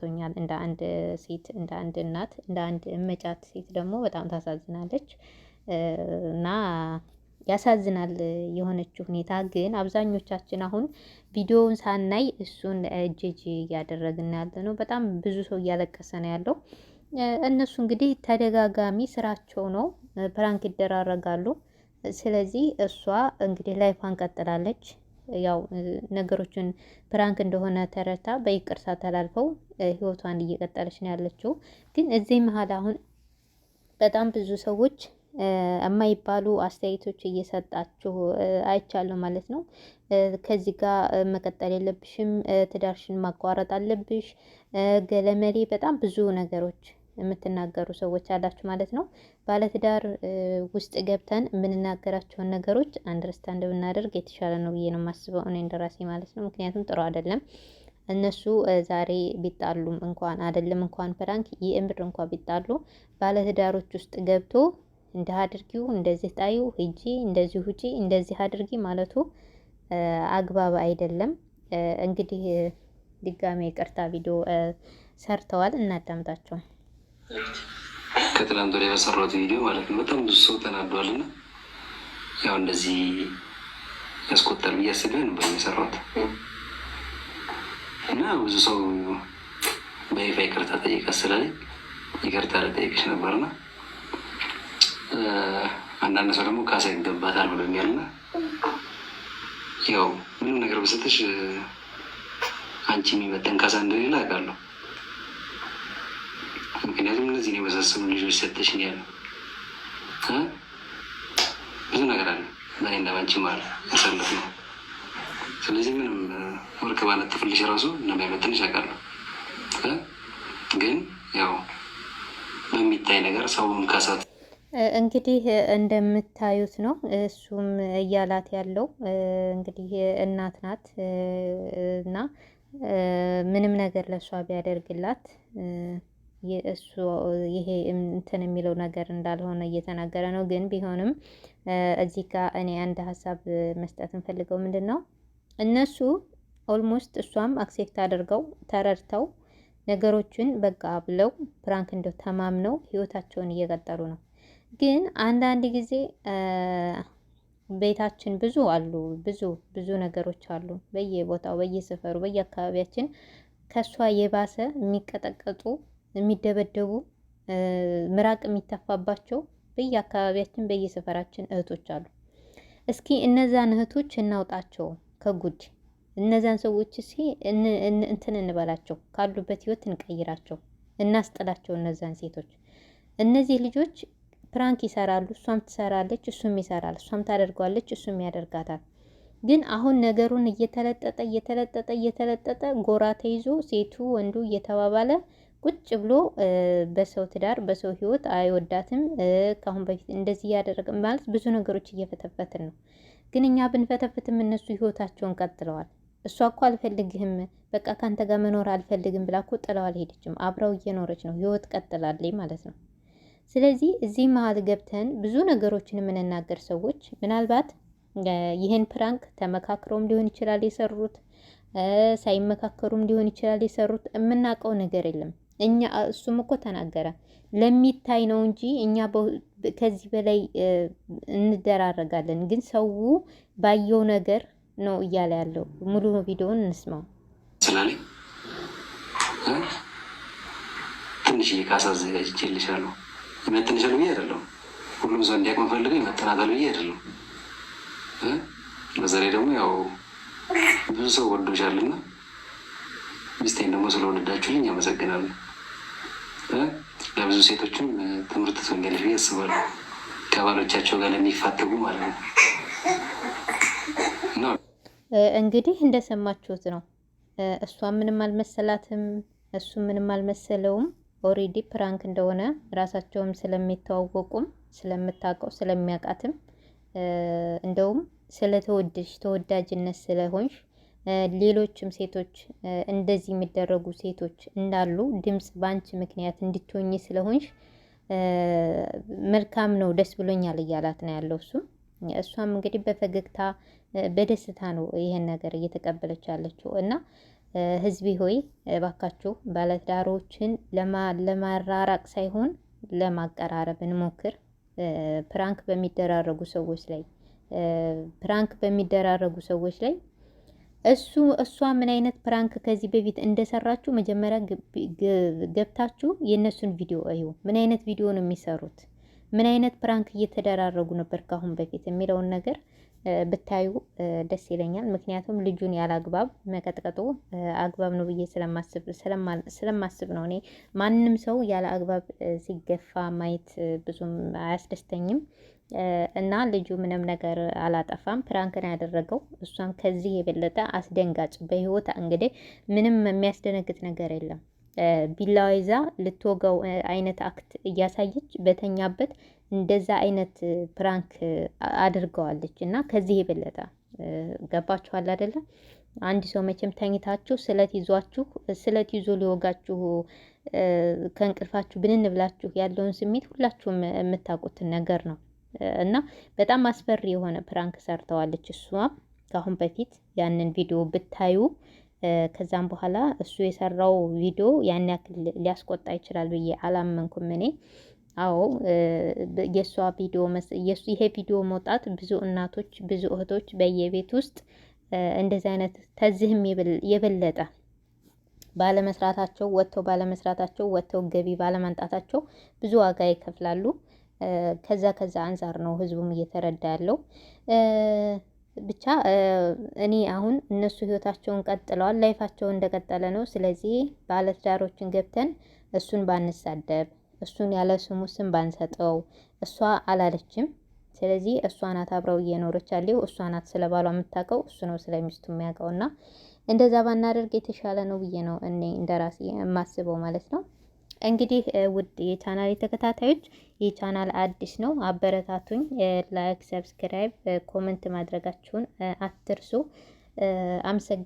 ቶኛል እንደ አንድ ሴት እንደ አንድ እናት እንደ አንድ እመጫት ሴት ደግሞ በጣም ታሳዝናለች እና ያሳዝናል የሆነችው ሁኔታ። ግን አብዛኞቻችን አሁን ቪዲዮውን ሳናይ እሱን እጅጅ እያደረግን ያለ ነው። በጣም ብዙ ሰው እያለቀሰ ነው ያለው። እነሱ እንግዲህ ተደጋጋሚ ስራቸው ነው፣ ፕራንክ ይደራረጋሉ። ስለዚህ እሷ እንግዲህ ላይፋን ቀጥላለች። ያው ነገሮችን ፕራንክ እንደሆነ ተረታ በይቅርታ ተላልፈው ህይወቷን እየቀጠለች ነው ያለችው። ግን እዚህ መሀል አሁን በጣም ብዙ ሰዎች የማይባሉ አስተያየቶች እየሰጣችሁ አይቻለሁ ማለት ነው። ከዚህ ጋር መቀጠል የለብሽም፣ ትዳርሽን ማቋረጥ አለብሽ፣ ገለመሌ በጣም ብዙ ነገሮች የምትናገሩ ሰዎች አላችሁ ማለት ነው። ባለትዳር ውስጥ ገብተን የምንናገራቸውን ነገሮች አንደርስታንድ ብናደርግ የተሻለ ነው ብዬ ነው የማስበው እኔ እንደራሴ ማለት ነው። ምክንያቱም ጥሩ አይደለም። እነሱ ዛሬ ቢጣሉም እንኳን አይደለም እንኳን ፕራንክ የእምር እንኳን ቢጣሉ ባለትዳሮች ውስጥ ገብቶ እንዲህ አድርጊው፣ እንደዚህ ጣዩ፣ ሂጂ፣ እንደዚህ ውጪ፣ እንደዚህ አድርጊ ማለቱ አግባብ አይደለም። እንግዲህ ድጋሜ ይቅርታ ቪዲዮ ሰርተዋል፣ እናዳምጣቸው። ከትላንት ወዲያ በሰራሁት ቪዲዮ ማለት ነው። በጣም ብዙ ሰው ተናዷል እና ያው እንደዚህ ያስቆጠር ብዬ አስቤ ነበር የሰራሁት እና ብዙ ሰው በይፋ ይቅርታ ጠይቀ ስላለኝ ይቅርታ ልጠይቅሽ ነበርና አንዳንድ ሰው ደግሞ ካሳ ይገባታል ብሎኛል እና ያው ምንም ነገር ብሰጥሽ አንቺ የሚመጠን ካሳ እንደሌላ አውቃለሁ። ምክንያቱም እነዚህ ነው የመሳሰሉ ልጆች ሰተሽን ያለ ብዙ ነገር አለ እና ባንቺ ማለ ያሳለፍ ነው። ስለዚህ ምንም ወርቅ ባነጥፍልሽ ራሱ እንደማይመጥንሽ አውቃለሁ፣ ግን ያው በሚታይ ነገር ሰውም ከሳት እንግዲህ እንደምታዩት ነው። እሱም እያላት ያለው እንግዲህ እናት ናት እና ምንም ነገር ለሷ ቢያደርግላት የእሱ ይሄ እንትን የሚለው ነገር እንዳልሆነ እየተናገረ ነው። ግን ቢሆንም እዚህ ጋር እኔ አንድ ሀሳብ መስጠት እንፈልገው ምንድን ነው እነሱ ኦልሞስት እሷም አክሴፕት አድርገው ተረድተው ነገሮችን በቃ ብለው ፕራንክ እንደው ተማምነው ህይወታቸውን እየቀጠሉ ነው። ግን አንዳንድ ጊዜ ቤታችን ብዙ አሉ፣ ብዙ ብዙ ነገሮች አሉ በየቦታው በየሰፈሩ በየአካባቢያችን ከእሷ የባሰ የሚቀጠቀጡ የሚደበደቡ ምራቅ የሚተፋባቸው በየአካባቢያችን በየሰፈራችን እህቶች አሉ። እስኪ እነዛን እህቶች እናውጣቸው ከጉድ። እነዛን ሰዎች እስኪ እንትን እንበላቸው፣ ካሉበት ህይወት እንቀይራቸው፣ እናስጥላቸው እነዛን ሴቶች። እነዚህ ልጆች ፕራንክ ይሰራሉ። እሷም ትሰራለች፣ እሱም ይሰራል። እሷም ታደርጓለች፣ እሱም ያደርጋታል። ግን አሁን ነገሩን እየተለጠጠ እየተለጠጠ እየተለጠጠ ጎራ ተይዞ ሴቱ ወንዱ እየተባባለ ቁጭ ብሎ በሰው ትዳር በሰው ህይወት አይወዳትም። ከአሁን በፊት እንደዚህ እያደረገ ማለት ብዙ ነገሮች እየፈተፈትን ነው። ግን እኛ ብንፈተፍትም እነሱ ህይወታቸውን ቀጥለዋል። እሷ እኮ አልፈልግህም፣ በቃ ከአንተ ጋር መኖር አልፈልግም ብላ እኮ ጥለው አልሄደችም። አብረው እየኖረች ነው። ህይወት ቀጥላለች ማለት ነው። ስለዚህ እዚህ መሀል ገብተን ብዙ ነገሮችን የምንናገር ሰዎች ምናልባት ይህን ፕራንክ ተመካክረውም ሊሆን ይችላል የሰሩት፣ ሳይመካከሩም ሊሆን ይችላል የሰሩት። የምናውቀው ነገር የለም። እኛ እሱም እኮ ተናገረ ለሚታይ ነው እንጂ እኛ ከዚህ በላይ እንደራረጋለን። ግን ሰው ባየው ነገር ነው እያለ ያለው። ሙሉ ቪዲዮውን እንስማው። ስላለኝ ካሳ አዘጋጅቼልሻለሁ። ይመጥንሻል ብዬ አይደለም ሁሉም ሰው እንዲያውቅ መፈልገው ይመጥናታል ብዬ አይደለም። በዛ ላይ ደግሞ ያው ብዙ ሰው ወዶሻልና ሚስቴን ደግሞ ስለወደዳችሁልኝ አመሰግናለሁ። ለብዙ ሴቶችም ትምህርት ትሆኛለሽ ብዬ አስባለሁ። ከባሎቻቸው ጋር ለሚፋተጉ ማለት ነው። እንግዲህ እንደሰማችሁት ነው። እሷ ምንም አልመሰላትም፣ እሱ ምንም አልመሰለውም። ኦሬዲ ፕራንክ እንደሆነ ራሳቸውም ስለሚተዋወቁም ስለምታውቀው ስለሚያውቃትም እንደውም ስለተወደሽ ተወዳጅነት ስለሆንሽ ሌሎችም ሴቶች እንደዚህ የሚደረጉ ሴቶች እንዳሉ ድምፅ በአንቺ ምክንያት እንድትሆኝ ስለሆንሽ መልካም ነው፣ ደስ ብሎኛል እያላት ነው ያለው እሱ። እሷም እንግዲህ በፈገግታ በደስታ ነው ይሄን ነገር እየተቀበለች ያለችው እና ህዝቢ ሆይ ባካችሁ ባለትዳሮችን ለማራራቅ ሳይሆን ለማቀራረብ እንሞክር። ፕራንክ በሚደራረጉ ሰዎች ላይ ፕራንክ በሚደራረጉ ሰዎች ላይ እሱ እሷ ምን አይነት ፕራንክ ከዚህ በፊት እንደሰራችሁ መጀመሪያ ገብታችሁ የእነሱን ቪዲዮ እዩ። ምን አይነት ቪዲዮ ነው የሚሰሩት? ምን አይነት ፕራንክ እየተደራረጉ ነበር ከአሁን በፊት የሚለውን ነገር ብታዩ ደስ ይለኛል። ምክንያቱም ልጁን ያለ አግባብ መቀጥቀጡ አግባብ ነው ብዬ ስለማስብ ነው። እኔ ማንም ሰው ያለ አግባብ ሲገፋ ማየት ብዙም አያስደስተኝም። እና ልጁ ምንም ነገር አላጠፋም። ፕራንክን ያደረገው እሷም ከዚህ የበለጠ አስደንጋጭ በህይወት እንግዲህ ምንም የሚያስደነግጥ ነገር የለም። ቢላዋ ይዛ ልትወጋው አይነት አክት እያሳየች በተኛበት እንደዛ አይነት ፕራንክ አድርገዋለች። እና ከዚህ የበለጠ ገባችኋል አይደለም? አንድ ሰው መቼም ተኝታችሁ ስለት ይዟችሁ ስለት ይዞ ሊወጋችሁ ከእንቅልፋችሁ ብንን ብላችሁ ያለውን ስሜት ሁላችሁም የምታውቁትን ነገር ነው። እና በጣም አስፈሪ የሆነ ፕራንክ ሰርተዋለች እሷ ከአሁን በፊት ያንን ቪዲዮ ብታዩ ከዛም በኋላ እሱ የሰራው ቪዲዮ ያን ያክል ሊያስቆጣ ይችላል ብዬ አላመንኩም እኔ። አዎ የእሷ ቪዲዮ ይሄ ቪዲዮ መውጣት ብዙ እናቶች፣ ብዙ እህቶች በየቤት ውስጥ እንደዚህ አይነት ከዚህም የበለጠ ባለመስራታቸው ወጥተው ባለመስራታቸው ወጥተው ገቢ ባለማምጣታቸው ብዙ ዋጋ ይከፍላሉ። ከዛ ከዛ አንጻር ነው ህዝቡም እየተረዳ ያለው። ብቻ እኔ አሁን እነሱ ህይወታቸውን ቀጥለዋል፣ ላይፋቸው እንደቀጠለ ነው። ስለዚህ ባለትዳሮችን ገብተን እሱን ባንሳደብ፣ እሱን ያለ ስሙ ስም ባንሰጠው። እሷ አላለችም። ስለዚህ እሷ ናት አብረው እየኖረች ያለው እሷ ናት ስለ ባሏ የምታውቀው እሱ ነው ስለ ሚስቱ የሚያውቀው እና እንደዛ ባናደርግ የተሻለ ነው ብዬ ነው እኔ እንደራሴ የማስበው ማለት ነው። እንግዲህ ውድ የቻናል ተከታታዮች ይህ ቻናል አዲስ ነው፣ አበረታቱኝ። ላይክ፣ ሰብስክራይብ፣ ኮመንት ማድረጋችሁን አትርሱ። አመሰግናለሁ።